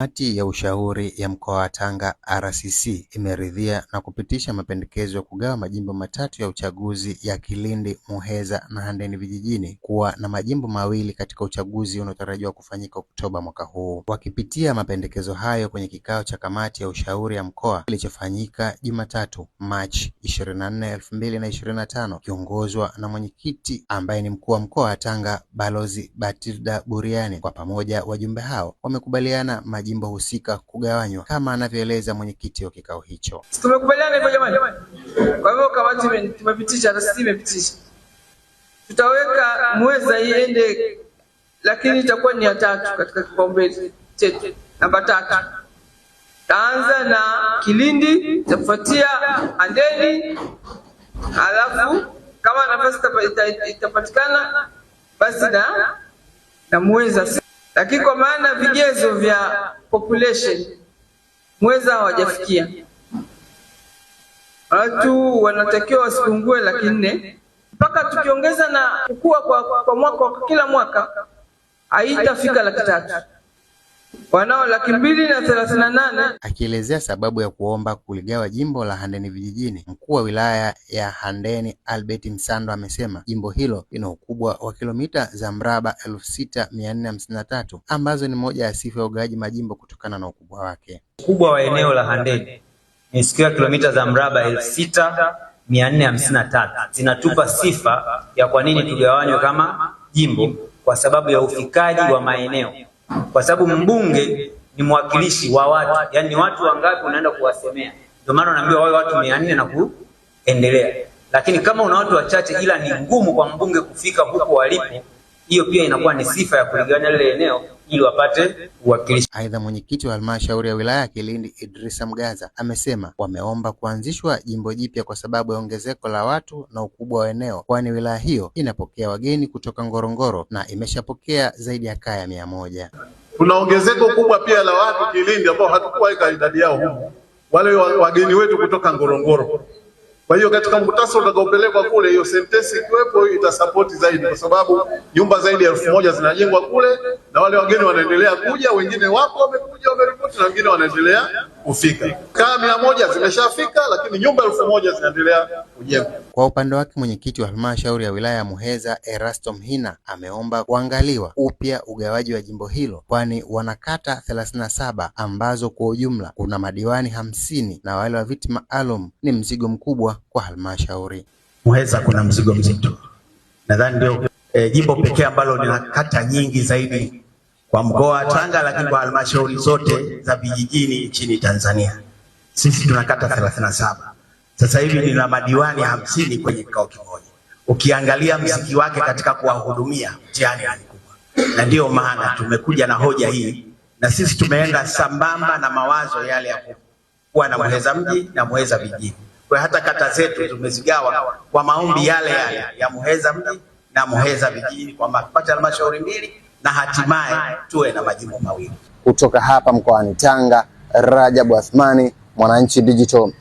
Kamati ya Ushauri ya Mkoa wa Tanga RCC imeridhia na kupitisha mapendekezo ya kugawa majimbo matatu ya uchaguzi ya Kilindi, Muheza na Handeni Vijijini kuwa na majimbo mawili katika uchaguzi unaotarajiwa kufanyika Oktoba mwaka huu. Wakipitia mapendekezo hayo kwenye kikao cha Kamati ya Ushauri ya Mkoa kilichofanyika Jumatatu, Machi 24, 2025, kiongozwa na mwenyekiti ambaye ni mkuu wa mkoa wa Tanga Balozi Batilda Buriani. Kwa pamoja, wajumbe hao wamekubaliana majimbo husika kugawanywa kama anavyoeleza mwenyekiti wa kikao hicho. Tumekubaliana hivyo jamani. Kwa hivyo kamati tumepitisha na sisi imepitisha, tutaweka mweza iende, lakini itakuwa ni ya tatu katika kipaumbele chetu, namba tatu. Taanza na Kilindi, itafuatia Handeni, halafu kama nafasi itapatikana basi na na Muweza, lakini kwa maana vigezo vya population mweza hawajafikia. Watu wanatakiwa wasipungue laki nne mpaka tukiongeza na kukua kwa, kwa mwaka kwa kila mwaka haitafika laki tatu wanao laki mbili na thelathini na nane. Akielezea sababu ya kuomba kuligawa jimbo la Handeni Vijijini, mkuu wa wilaya ya Handeni Albert Msando amesema jimbo hilo lina ukubwa wa kilomita za mraba elfu sita mia nne hamsini na tatu ambazo ni moja ya sifa ya ugawaji majimbo kutokana na ukubwa wake. Ukubwa wa eneo la Handeni ni siku kilomita za mraba elfu sita mia nne hamsini na tatu zinatupa sifa ya kwa nini tugawanywe kama jimbo, kwa sababu ya ufikaji wa maeneo kwa sababu mbunge ni mwakilishi wa watu, yani ni watu wangapi unaenda kuwasemea. Ndio maana unaambiwa wawe watu mia nne na kuendelea, lakini kama una watu wachache, ila ni ngumu kwa mbunge kufika huko walipo hiyo pia inakuwa ni sifa ya kuligania lile eneo ili wapate uwakilishi. Aidha, mwenyekiti wa halmashauri ya wilaya ya Kilindi Idrisa Mgaza amesema wameomba kuanzishwa jimbo jipya kwa sababu ya ongezeko la watu na ukubwa wa eneo, kwani wilaya hiyo inapokea wageni kutoka Ngorongoro na imeshapokea zaidi ya kaya mia moja. Kuna ongezeko kubwa pia la watu Kilindi ambao hatukuwaika idadi yao humu, wale wageni wetu kutoka Ngorongoro. Kwa hiyo katika muhtasari utakaopelekwa kule, hiyo sentensi ikiwepo, hiyo itasapoti zaidi, kwa sababu nyumba zaidi ya elfu moja zinajengwa kule, na wale wageni wanaendelea kuja, wengine wapo wamekuja wameripoti, na wengine wanaendelea kufika. kaa mia moja zimeshafika, lakini nyumba elfu moja zinaendelea kujengwa. Kwa upande wake, mwenyekiti wa halmashauri ya wilaya ya Muheza Erasto Mhina ameomba kuangaliwa upya ugawaji wa jimbo hilo, kwani wanakata 37 ambazo kwa ujumla kuna madiwani hamsini na wale wa viti maalum ni mzigo mkubwa kwa halmashauri. Muheza kuna mzigo mzito, nadhani ndio eh, jimbo pekee ambalo lina kata nyingi zaidi kwa mkoa wa Tanga, lakini kwa halmashauri zote za vijijini nchini Tanzania. Sisi tuna kata 37. Sasa hivi nina madiwani hamsini kwenye kikao kimoja. Ukiangalia msingi wake katika kuwahudumia mtihani ni kubwa, na ndiyo maana tumekuja na hoja hii, na sisi tumeenda sambamba na mawazo yale ya kuwa na muheza mji na muheza vijijini. Kwa hata kata zetu tumezigawa kwa maombi yale yale ya muheza mji na muheza vijijini, kwamba tupate halmashauri mbili na hatimaye tuwe na majimbo mawili. Kutoka hapa mkoani Tanga, Rajabu Athmani, Mwananchi Digital.